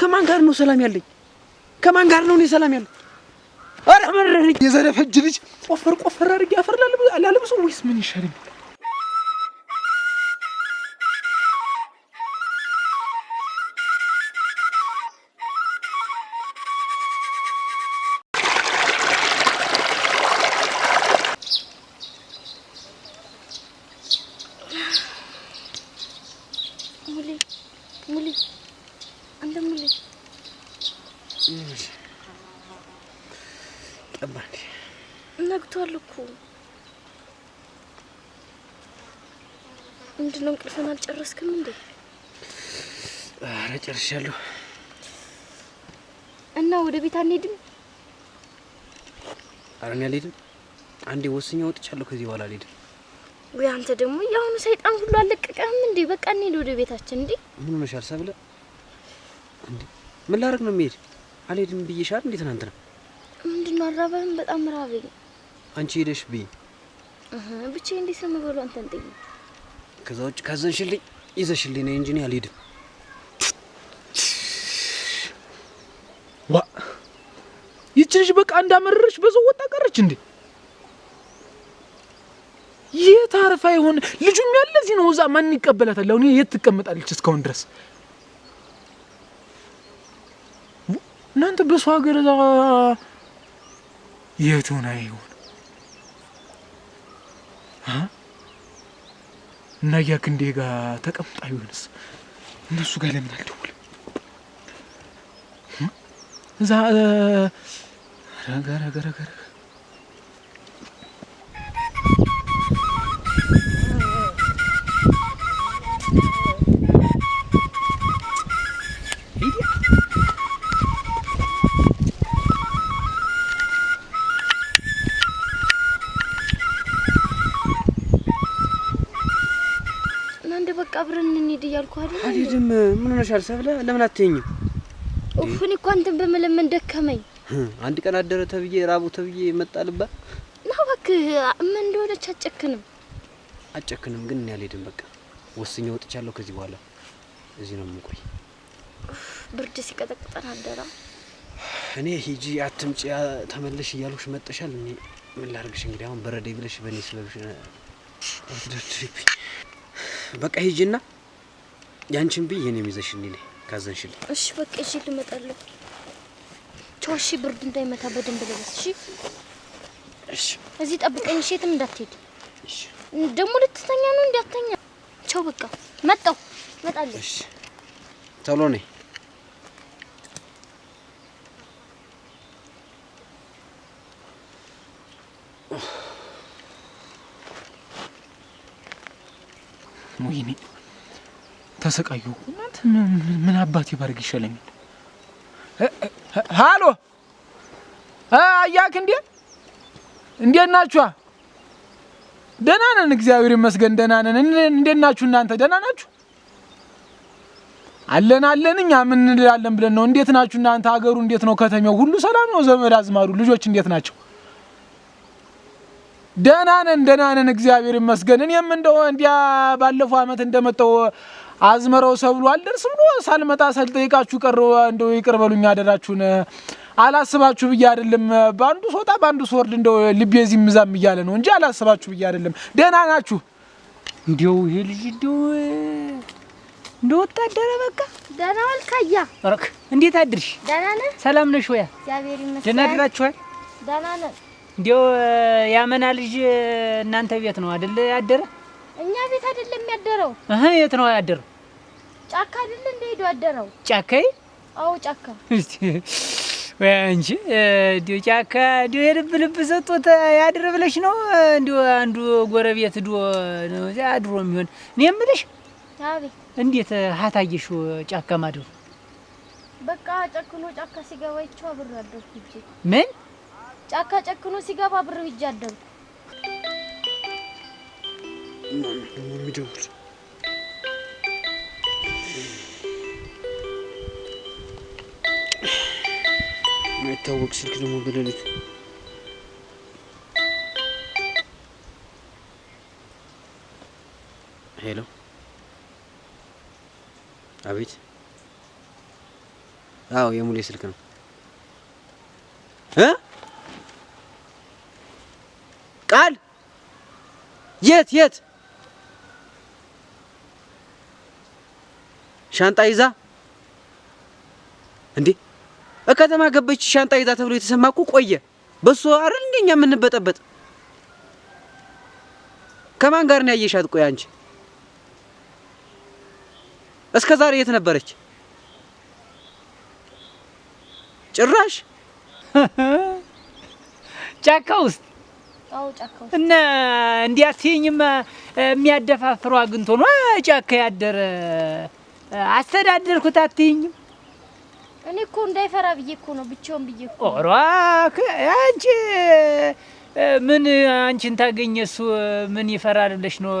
ከማን ጋር ነው ሰላም ያለኝ? ከማን ጋር ነው እኔ ሰላም ያለኝ? አረ መረረኝ። የዘረፈጅ ልጅ ቆፈር ቆፈር አድርጌ አፈር ላለብሰው ወይስ ምን ይሻለኛል? አልነቃም። ነግቷል እኮ ምንድነው? እንቅልፍን አልጨረስክም እንዴ? ኧረ ጨርሻለሁ። እና ወደ ቤት አንሄድም? ኧረ እኔ አልሄድም። አንዴ ወስኜ ወጥቻለሁ። ከዚህ በኋላ አልሄድም። ወይ አንተ ደግሞ የአሁኑ ሰይጣን ሁሉ አልለቀቀህም እንዴ? በቃ እንሂድ ወደ ቤታችን። እንዴ ምን ሆነሻል ሰብለ? እንዴ ምን ላደርግ ነው የሚሄድ? አልሄድም ብዬሻል እንዴ ትናንትና ማራበህም በጣም ራበኝ። አንቺ ሄደሽ ብይ። ብቻ እንዴት ነው የምበለው? አንተን ጥዬ ከዛ ውጭ ካዘንሽልኝ ይዘሽልኝ ነይ እንጂ እኔ አልሄድም። ዋ ይችልሽ በቃ እንዳመረረሽ በዛው ወጣ ቀረች እንዴ! የት አርፋ ይሆን? ልጁም ያለዚህ ነው። እዛ ማን ይቀበላታል? አሁን የት ትቀመጣለች? እስካሁን ድረስ እናንተ በሷ ሀገር የቱን አይሆን እና ያ ክንዴ ጋር ተቀምጣ ቢሆንስ? እነሱ ጋር ለምን አልደውልም? እዛ ደርሰሻል ሰብለ፣ ለምን አትይኝም? ኡፍ እኔ እኮ አንተን በመለመን ደከመኝ። አንድ ቀን አደረ ተብዬ ራቡ ተብዬ መጣልባ ነው። እባክህ ምን እንደሆነች አጨክንም አጨክንም ግን እኔ አልሄድም። በቃ ወስኜ ወጥቻለሁ። ከዚህ በኋላ እዚህ ነው የምቆይ። ብርድ ሲቀጠቅጠን አደራ። እኔ ሂጂ አትምጪ ተመለሽ እያልኩሽ መጥሻል። እኔ ምን ላርግሽ እንግዲህ። አሁን በረዴ ብለሽ በእኔ ስለብሽ ትደርድሪብኝ። በቃ ሂጂና ያንቺን ብዬ እኔም ይዘሽ እንዴ ካዘንሽል። እሺ በቃ እሺ፣ ልመጣለሁ። ቻው። እሺ፣ ብርድ እንዳይመታ በደንብ ልበስ። እሺ፣ እሺ። እዚህ ጠብቀኝ። እሺ፣ የትም እንዳትሄድ። እሺ። ደግሞ ልትተኛ ነው? እንዳትተኛ። ቻው። በቃ መጣሁ፣ እመጣለሁ። እሺ፣ ቶሎ ነኝ። ተሰቃየሁ። እናንተ ምን አባቴ ባርግ ይሻለኛል? ሃሎ አያክ፣ እንዴ እንዴት ናችሁ? ደህና ነን፣ እግዚአብሔር ይመስገን ደህና ነን። እንዴት ናችሁ እናንተ ደህና ናችሁ? አለን አለን፣ እኛ ምን እንላለን ብለን ነው። እንዴት ናችሁ እናንተ? አገሩ እንዴት ነው? ከተሜው ሁሉ ሰላም ነው? ዘመድ አዝማሩ ልጆች እንዴት ናቸው? ደህና ነን፣ ደህና ነን፣ እግዚአብሔር ይመስገን። እኔም እንደው እንዲያ ባለፈው አመት እንደመጣው አዝመራው ሰብሉ አልደርስ ብሎ ሳልመጣ ሳልጠይቃችሁ ቀረ። እንደው ይቅር በሉኝ አደራችሁን። አላስባችሁ ብዬ አይደለም። በአንዱ ስወጣ በአንዱ ስወርድ እንደው ልቤ እዚህ ምዛም እያለ ነው እንጂ አላስባችሁ ብዬ አይደለም። ደህና ናችሁ? እንዲው ይሄ ልጅ እንዲው እንደ ወታደረ በቃ ደህና ወልካያ ኧረ እንዴት አድርሽ? ደህና ነህ? ሰላም ነሽ ወይ? እግዚአብሔር ይመስገን። ደህና አድራችኋል? ደህና ነን። እንዲው ያመና ልጅ እናንተ ቤት ነው አይደል ያደረ? ቤት አይደለም ያደረው። እህ የት ነው ያደረው? ጫካ አይደለም እንደ ሄዶ ያደረው። ጫካይ? አዎ ጫካ። እስቲ ወይ አንቺ እንዲሁ ጫካ እንዲሁ የልብ ልብ ሰጥቶት ያድር ብለሽ ነው? እንዲሁ አንዱ ጎረቤት ዶ ነው እዚያ አድሮ የሚሆን እኔ የምልሽ። አቤት። እንዴት ሀታየሽ ጫካ ማድሮ? በቃ ጨክኖ ጫካ ሲገባ ይቻው ብር አደርኩ። ምን ጫካ ጨክኖ ሲገባ ብር ይጃደርኩ የሚደውል የማይታወቅ ስልክ ደግሞ በሌሊት ሄሎ፣ አቤት። አዎ የሙሌ ስልክ ነው። ቃል የት የት ሻንጣ ይዛ እንዴ እከተማ ገበች ሻንጣ ይዛ ተብሎ የተሰማ እኮ ቆየ። በሱ አይደል እንደኛ የምንበጠበጥ? ከማን ጋር ነው ያየሻት? ቆይ አንቺ እስከ ዛሬ የት ነበረች? ጭራሽ ጫካ ውስጥ እና ሲኝም የሚያደፋፍረው አግኝቶ ነው ጫካ ያደረ አስተዳደርኩት አትይኝም። እኔ እኮ እንዳይፈራ ብዬ እኮ ነው ብቻውን ብዬ እኮ አንቺ ምን አንቺን ታገኘ እሱ ምን ይፈራል ብለሽ ነው?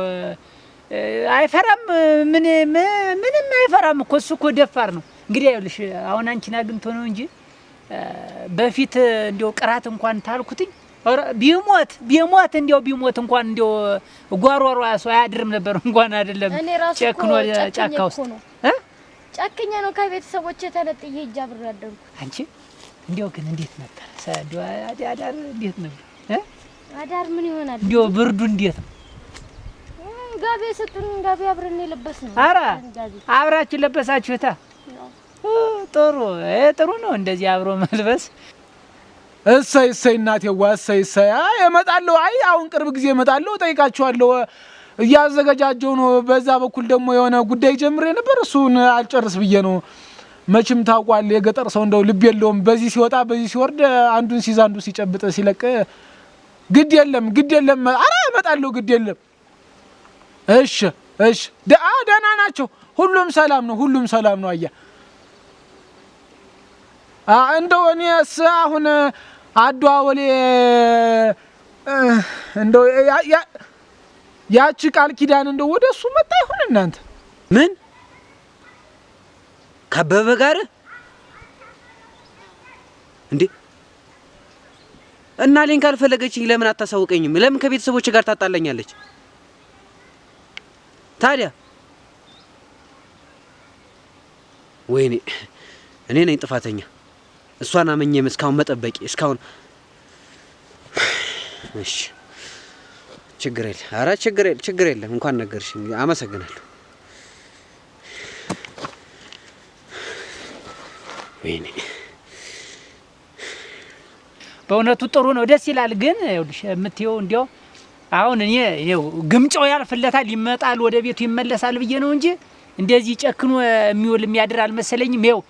አይፈራም። ምን ምንም አይፈራም እኮ እሱ እኮ ደፋር ነው። እንግዲህ አሁን አንቺን አግኝቶ ነው እንጂ በፊት እንዲያው ቅራት እንኳን ታልኩትኝ ቢሞት ቢሞት እንዲያው ቢሞት እንኳን እንዲያው ሰው አያድርም ነበር እንኳን አይደለም ጨክኖ ጫካ ውስጥ ጨክኜ ነው ከቤተሰቦቼ ተነጥዬ ሂጅ አብሬ አደርኩ። አንቺ እንዲያው ግን እንዴት ነበር አዳር? እንዴት ነበር አዳር? ምን ይሆናል እንዲያው ብርዱ እንዴት ነው? ጋቢ የሰጡን ጋቢ አብረን የለበስ ነው። ኧረ አብራችሁ ለበሳችሁታ? ጥሩ ጥሩ ነው እንደዚህ አብሮ መልበስ። እሰይ እሰይ፣ እናቴዋ እሰይ እሰይ። አይ እመጣለሁ። አይ አሁን ቅርብ ጊዜ እመጣለሁ፣ እጠይቃችኋለሁ እያዘገጃጀው ነው። በዛ በኩል ደግሞ የሆነ ጉዳይ ጀምሬ ነበር። እሱን አልጨርስ ብዬ ነው። መቼም ታውቋል፣ የገጠር ሰው እንደው ልብ የለውም። በዚህ ሲወጣ በዚህ ሲወርድ፣ አንዱን ሲይዝ አንዱ ሲጨብጥ ሲለቅ፣ ግድ የለም ግድ የለም፣ አረ እመጣለሁ፣ ግድ የለም። እሺ እሺ፣ ደህና ናቸው። ሁሉም ሰላም ነው፣ ሁሉም ሰላም ነው። አያ እንደው እኔስ አሁን አዷ ወሌ እንደው ያቺ ቃል ኪዳን እንደው ወደ እሱ መጣ ይሆን? እናንተ ምን ከበበ ጋር እንዴ? እና እኔን ካልፈለገችኝ ለምን አታሳውቀኝም? ለምን ከቤተሰቦች ጋር ታጣለኛለች? ታዲያ ወይኔ እኔ ነኝ ጥፋተኛ። እሷን አመኘም እስካሁን መጠበቂ እስካሁን እሺ ችግር የለም። ኧረ ችግር የለም፣ ችግር የለም። እንኳን ነገርሽኝ፣ አመሰግናለሁ። ወይኔ በእውነቱ ጥሩ ነው፣ ደስ ይላል። ግን የምትየው እንዲያው አሁን እኔ ግምጫው ያልፍለታል፣ ይመጣል፣ ወደ ቤቱ ይመለሳል ብዬ ነው እንጂ እንደዚህ ጨክኖ የሚውል የሚያድር አልመሰለኝም። ይኸው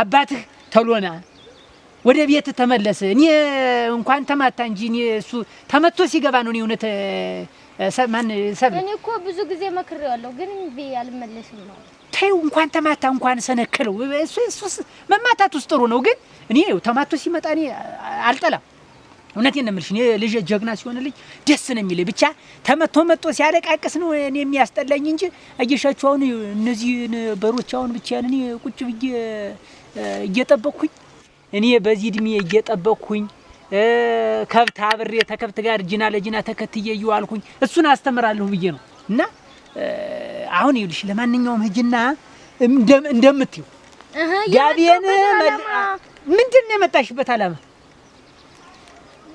አባትህ ተሎና ወደ ቤት ተመለስ። እኔ እንኳን ተማታ እንጂ እኔ እሱ ተመቶ ሲገባ ነው። እውነት ማን ሰብ እኔ እኮ ብዙ ጊዜ መክሬዋለሁ፣ ግን እምቢ አልመለስም ነው። ተይው፣ እንኳን ተማታ እንኳን ሰነክለው እሱ እሱ መማታት ውስጥ ጥሩ ነው። ግን እኔ ተማቶ ሲመጣ እኔ አልጠላም። እውነቴን ነው የምልሽ። እኔ ልጅ ጀግና ሲሆንልኝ ደስ ነው የሚለኝ። ብቻ ተመቶ መቶ ሲያለቃቅስ ነው እኔ የሚያስጠላኝ እንጂ አየሻቸው። አሁን እነዚህን በሮች አሁን ብቻ እኔ ቁጭ ብዬ እየጠበቅኩኝ እኔ በዚህ እድሜ እየጠበቅኩኝ ከብት አብሬ ተከብት ጋር ጅና ለጅና ተከትዬ እየዋልኩኝ እሱን አስተምራለሁ ብዬ ነው። እና አሁን ይኸውልሽ ለማንኛውም ህጅና እንደምትይው ጋቢን ምንድን ነው የመጣሽበት አላማ?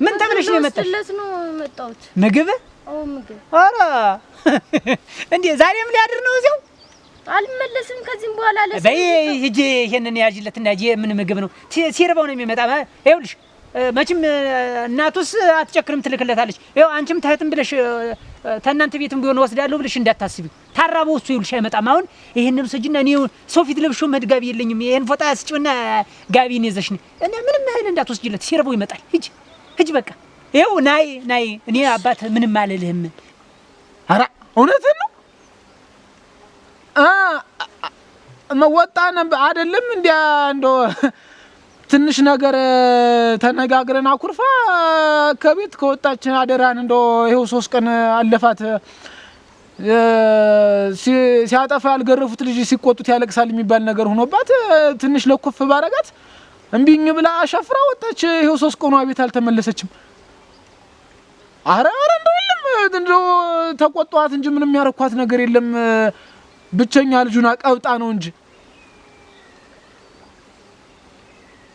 ምን ተብለሽ ነው የመጣሽ? ነው ምግብ። ኧረ እንዴ ዛሬም ሊያድር ነው እዚያው አልመለስም ከዚህም በኋላ አለ በይ ሂጂ ይሄንን ያዥለት እና ምን ምግብ ነው ሲርበው ነው የሚመጣ ይኸውልሽ መቼም እናቱስ አትጨክርም ትልክለታለች ይኸው አንቺም ተህትም ብለሽ ተናንተ ቤትም ቢሆን ወስዳለሁ ብለሽ እንዳታስቢ ታራቦ እሱ ይኸውልሽ አይመጣም አሁን ይሄንን ስጅና እኔ ሰው ፊት ለብሾ መሄድ ጋቢ የለኝም ይሄን ፎጣ ስጭውና ጋቢ ነው ይዘሽ ነው እኔ ምንም እህል እንዳትወስጂለት ሲርበው ይመጣል ሂጂ ሂጂ በቃ ይኸው ናይ ናይ እኔ አባት ምንም አልልህም ኧረ እውነትህን ነው መወጣ አይደለም እንዲያ እንደ ትንሽ ነገር ተነጋግረን አኩርፋ ከቤት ከወጣችን አደራን እንደ ይኸው ሶስት ቀን አለፋት። ሲያጠፋ ያልገረፉት ልጅ ሲቆጡት ያለቅሳል የሚባል ነገር ሆኖባት ትንሽ ለኮፍ ባረጋት እምቢኝ ብላ አሻፍራ ወጣች። ይኸው ሶስት ቀኗ ቤት አልተመለሰችም። አረ አረ እንደው የለም እንደው እንጂ ምንም ያረኳት ነገር የለም። ብቸኛ ልጁን ቀብጣ ነው እንጂ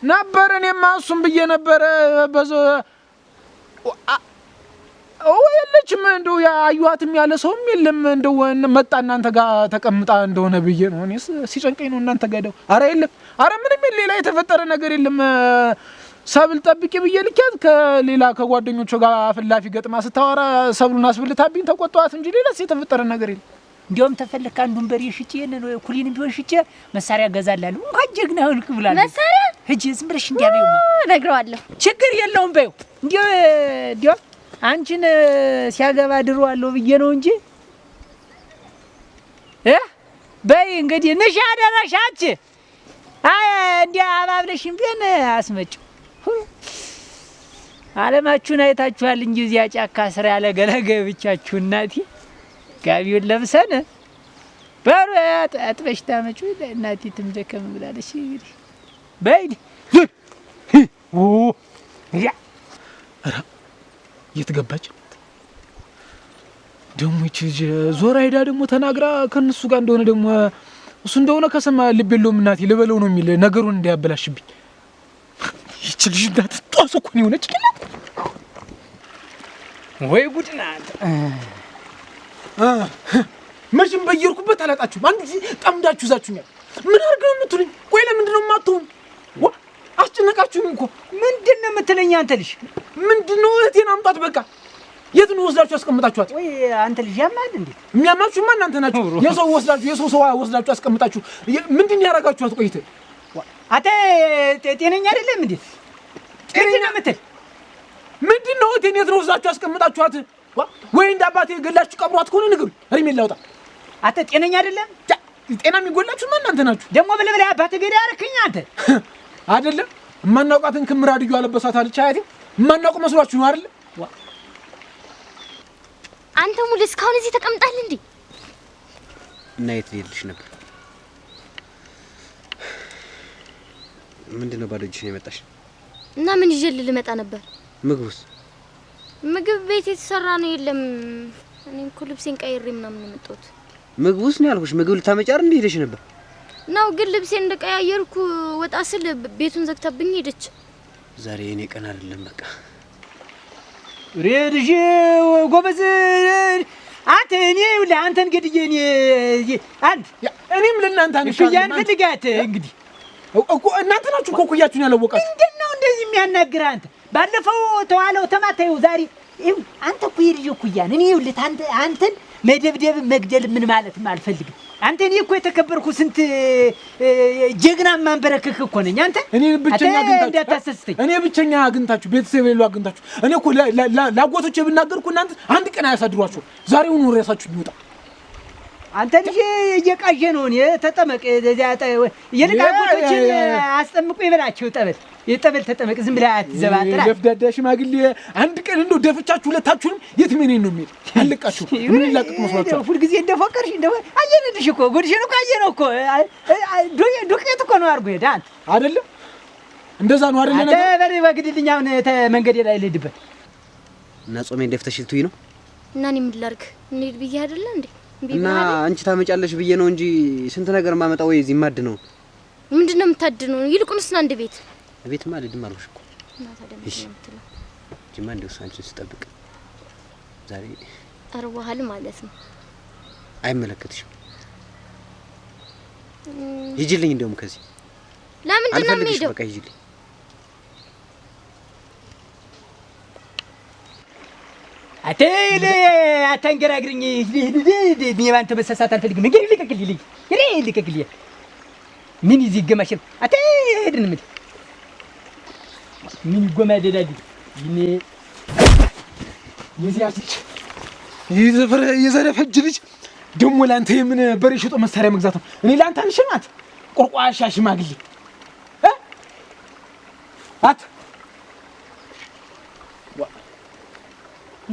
ነበር። እኔማ እሱም ብዬ ነበረ። የለችም እንደው አዩዋትም ያለ ሰውም የለም። እንደው መጣ እናንተ ጋር ተቀምጣ እንደሆነ ብዬ ነው እኔ ሲጨንቀኝ ነው እናንተ ጋር ደው። አረ የለም፣ አረ ምንም ሌላ የተፈጠረ ነገር የለም። ሰብል ጠብቂ ብዬ ልኪያት ከሌላ ከጓደኞቹ ጋር ፍላፊ ገጥማ ስታወራ ሰብሉን አስብልታብኝ ተቆጣዋት እንጂ ሌላስ የተፈጠረ ነገር የለም። እንዲያውም ተፈልክ አንዱን በሬ ሽጬ ኩሊንም ቢሆን ሽጬ መሳሪያ እገዛላለሁ። እንኳን ጀግና ሆንክ ብላለች። መሳሪያ ሂጂ ዝም ብለሽ እንዲያበዩ እነግረዋለሁ። ችግር የለውም በይው። እንዲያው እንዲያው አንቺን ሲያገባ ድሮ አለው ብዬ ነው እንጂ እ በይ እንግዲህ ንሽ አደረሽ አንቺ። አይ እንዲህ አባብለሽም ቢሆን አስመጪው። አለማችሁን አይታችኋል እንጂ እዚያ ጫካ ስራ ያለ ገለገ ብቻችሁ እናቴ ጋቢውን ለብሰን በሩ አጥበሽ ታመጩ እናቴ ትምደከም ብላለች። እንግዲህ በይድ የት ገባች ደግሞ ይቺ ዞራ ሄዳ ደግሞ ተናግራ ከእነሱ ጋር እንደሆነ ደግሞ እሱ እንደሆነ ከሰማ ልብ የለውም እናቴ ልበለው ነው የሚል ነገሩን እንዲያበላሽብኝ ይቺ ልጅ እናት ጧስ እኮ ነው የሆነች ወይ ጉድ ናት። መቼም በየርኩበት አላጣችሁም። አንድ ጊዜ ጠምዳችሁ ይዛችሁኛል። ምን አድርገህ ነው የምትሉኝ? ቆይ ለምንድን ነው የማትሆኑ? አስጨነቃችሁኝ እኮ። ምንድን ነው የምትለኝ አንተ ልጅ? ምንድን ነው እህቴን አምጧት። በቃ የት ነው ወስዳችሁ ያስቀምጣችኋት? አንተ ልጅ ያማል እንዴ? የሚያማችሁማ እናንተ ናችሁ። የሰው ወስዳችሁ የሰው ሰው ወስዳችሁ ያስቀምጣችሁ። ምንድን ያደርጋችኋት? ቆይተ አተ ጤነኛ አይደለም እንዴ? ጤነኛ ምትል ምንድን ነው? እህቴን የት ነው ወስዳችሁ ያስቀምጣችኋት? ወይ እንደ አባቴ ገላችሁ ቀብሯት ከሆነ ንግሩ እሪም ይላውጣ። አንተ ጤነኛ አይደለም። ጤና የሚጎላችሁ ማን እናንተ ናችሁ? ደግሞ ብለህ ብለህ አባቴ ገዳ ያረከኝ አንተ አይደለም። የማናውቃትን ክምር አድዩ አለበሳት አለች አያቴ። የማናውቅ መስሏችሁ ነው አይደለም? አንተ ሙሉ እስካሁን እዚህ ተቀምጣል እንዴ? እና የት ልሄድልሽ ነበር? ምንድን ነው ባዶ እጅሽን የመጣሽ? እና ምን ይዤ ልመጣ ነበር? ምግቡስ ምግብ ቤት የተሰራ ነው የለም። እኔ እኮ ልብሴን ቀይሬ ምናምን የመጣሁት ምግብ ውስጥ ነው ያልኩሽ። ምግብ ልታመጫር እንዴ ሄደሽ ነበር? ነው ግን ልብሴን እንደቀያየርኩ ወጣ ስል ቤቱን ዘግታብኝ ሄደች። ዛሬ እኔ ቀን አይደለም በቃ ሬድሽ ጎበዝ አንተ እኔ ለአንተን ገድዬ እኔ አንድ እኔም ለእናንተ አንሽያን ፍትጋት እንግዲህ እናንተ ናችሁ እኮ እኩያችሁን ያላወቃችሁ። ምንድን ነው እንደዚህ የሚያናግር አንተ ባለፈው ተዋለው ተማታዩ ዛሬ ይኸው አንተ እኮ የልጅ እኩያን እኔ ይኸውልህ አንተን መደብደብ መግደል ምን ማለትም አልፈልግም። አንተ እኔ እኮ የተከበርኩ ስንት ጀግና ማንበረከክ እኮ ነኝ። አንተ እኔ ብቸኛ አግኝታችሁ እኔ ብቸኛ አግኝታችሁ ቤተሰብ የሌለው አግኝታችሁ እኔ እኮ ላጎቶች ብናገር እናንተ አንድ ቀን አያሳድሯቸው። ዛሬውኑ ሬሳችሁ ይወጣ። አንተ ልጅ እየቃዠ ነው። እኔ ተጠመቅ ይልቅ አጎቶቼን አስጠምቁ ይበላቸው ጠበል የጠበል ተጠመቅ ዝም ብለህ አትዘባጥራ። ደፍዳዳ ሽማግሌ አንድ ቀን እንደው ደፍቻችሁ ሁለታችሁንም የት ምን ነው የሚል አልቃችሁ ምን ላቅጥ መስሏችኋል? ሁልጊዜ እንደፎቀርሽ እንደ አየንልሽ እኮ ጎድሽን እኮ አየነው እኮ ዱቄት እኮ ነው አድርጎ ሄደ። አንተ አይደለም እንደዛ ነው አይደለ? ነገር በግድልኝ አሁን መንገዴ ላይ ልሄድበት እና ጾሜ እንደፍተሽ ልትይ ነው እና እኔ ምን ላድርግ እንሂድ ብዬ አይደለ እንዴ? እና አንቺ ታመጫለሽ ብዬ ነው እንጂ ስንት ነገር ማመጣ ወይ እዚህ ማድ ነው ምንድን ነው የምታድነው? ይልቁንስ ና እንደ ቤት እቤትማ አልሄድም አልኩሽ እኮ እሺ። ጅማ እንደው አንቺን ስጠብቅ ዛሬ አርባሃል ማለት ነው። አይመለከትሽም። ሂጂልኝ። እንደውም ከዚህ ለምንድን ነው የምሄደው? በቃ ሂጂልኝ። አቴል አታንገራግርኝ። እኔ ባንተ መሳሳት አልፈልግም። ምን ይዚህ ገማሽ አቴ ሄድን ምድ ምን ይጎማደዳል? ይኔ የዘረፈጅ ልጅ ደግሞ ላንተ የምን በሬ መሳሪያ መግዛት ነው? እኔ አንሽማት ሽማግሌ አት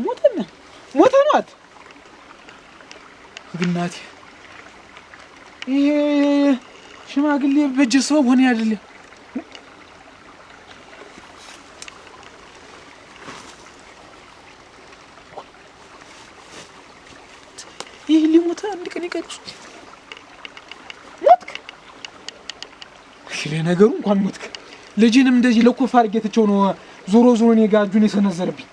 ሞተ ሞተ ነው አት ግናቴ ይሄ ሽማግሌ በጀ ሰው ሆነ አይደለም ነገሩ እንኳን ሞትክ። ልጅንም እንደዚህ ለኮፍ አድርጌ ትቼው ነው ዞሮ ዞሮ እኔ ጋር እጁን የሰነዘረብኝ።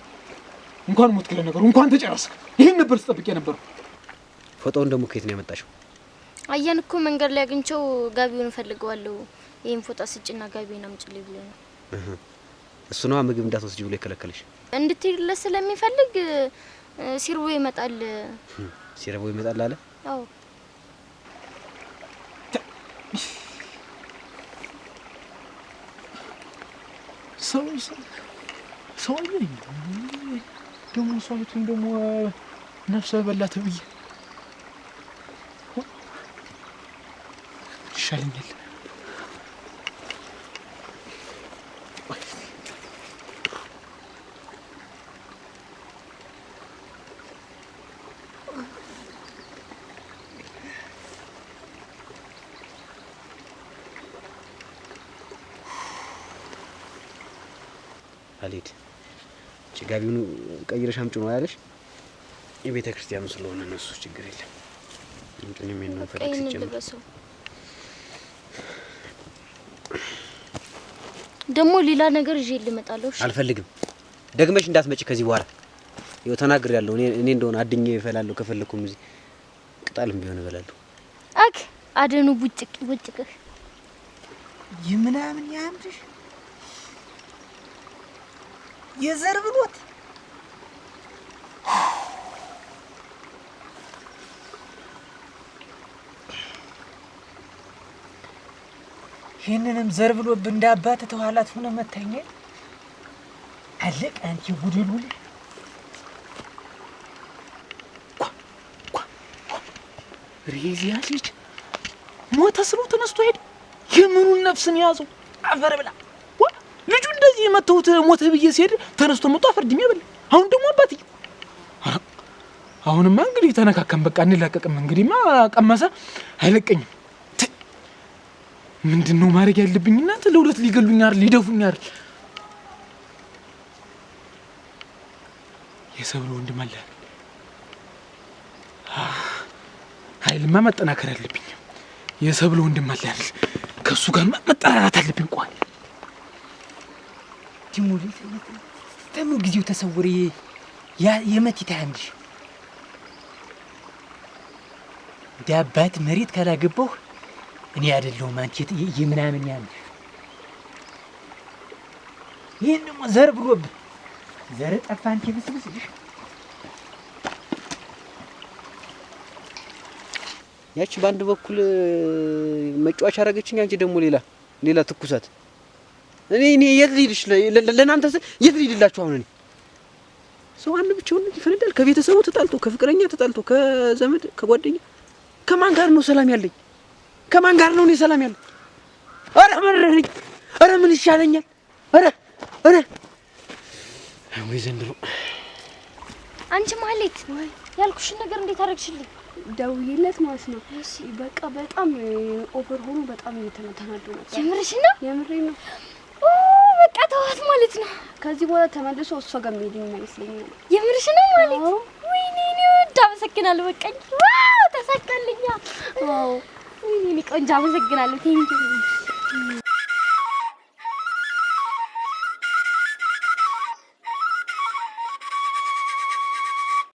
እንኳን ሞትክ። ለነገሩ እንኳን ተጨረስክ። ይህን ነበር ስጠብቅ የነበረው። ፎጣውን ደግሞ ከየት ነው ያመጣሽው? አያን እኮ መንገድ ላይ አግኝቼው ጋቢውን እፈልገዋለሁ። ይህን ፎጣ ስጭና ጋቢውን አምጭልኝ ብሎ ነው። እሱ ነዋ ምግብ እንዳትወስጂ ብሎ የከለከለሽ። እንድትሄድለት ስለሚፈልግ ሲርቦ ይመጣል። ሲርቦ ይመጣል አለ። አዎ ሰው ሰው አይደለም ደግሞ ደግሞ ነፍሰ በላ ተብዬ ይሻለኛል። አልሄድ ጭጋቢውን ቀይረሽ አምጪ ነው ያለሽ። የቤተ ክርስቲያኑ ስለሆነ እነሱ ችግር የለም። ምንም የነው ፈለግ ሲጀምር ደግሞ ሌላ ነገር ይዤ ልመጣለሁ። አልፈልግም። ደግመሽ እንዳትመጪ ከዚህ በኋላ ይኸው ተናግር ያለው እኔ እኔ እንደሆነ አድኜ እፈላለሁ። ከፈለኩም እዚህ ቅጠልም ቢሆን እበላለሁ። አክ አደኑ ቡጭቅ ቡጭቅህ ይምናምን ያምርሽ የዘር ብሎት ይህንንም ዘር ብሎ እንደ ተኋላት ሆነ መታኝ አለቅ አንቺ ጉድሉ ሬዚያ ልጅ ሞተ ስሉ ተነስቶ ሄድ የምኑን ነፍስን ያዘው አፈር ብላ መተውት ሞተ ብዬ ሲሄድ ተነስቶ መጥቶ አፈርድሜ በል። አሁን ደግሞ አባትዬ አሁንማ እንግዲህ ተነካከም፣ በቃ እንላቀቅም። እንግዲህማ ቀመሰ አይለቀኝም። ምንድን ነው ማድረግ ያለብኝ? እናንተ ለሁለት ሊገሉኛል አይደል? ሊደፉኝ አይደል? የሰብለ ወንድም አለ ኃይልማ ማጠናከር አለብኝ። የሰብለ ወንድም አለ ከእሱ ጋር መጠራራት አለብኝ። ቆይ ዲሙሊት በምን ጊዜው ተሰወረ? የመቲታ አንድ እንደ መሬት ካላገባሁ እኔ አይደለሁም አንቺ የምናምን ያንድ ይህን ደግሞ ዘር ብሎብን ዘር ጠፋ። አንቺ ያቺ በአንድ በኩል መጫወቻ አንቺ ደግሞ ሌላ ሌላ ትኩሳት እኔ እኔ የት ልሂድሽ? ለእናንተ የት ልሂድላችሁ? አሁን እኔ ሰው አንድ ብቻውን ይፈነዳል። ከቤተሰቡ ተጣልቶ፣ ከፍቅረኛ ተጣልቶ፣ ከዘመድ ከጓደኛ ከማን ጋር ነው ሰላም ያለኝ? ከማን ጋር ነው እኔ ሰላም ያለኝ? አረ መረረኝ። አረ ምን ይሻለኛል? አረ አረ ወይ ዘንድሮ አንቺ ማለት ያልኩሽን ነገር እንዴት አደረግሽልኝ? ደውዬለት ማለት ነው። በቃ በጣም ኦቨር ሆኖ በጣም እየተናደደ ነው። የምርሽ ነው? የምሬ ነው። በቃ ተዋት ማለት ነው። ከዚህ በኋላ ተመልሶ እሷ ጋር መሄድ አይመስለኛል። የምርሽ ነው ማለት ወይኔ እኔ ወድ አመሰግናለሁ። በቃ ዋው ተሳካልኛ። ወይኔ ቆንጆ አመሰግናለሁ። ቴንኪው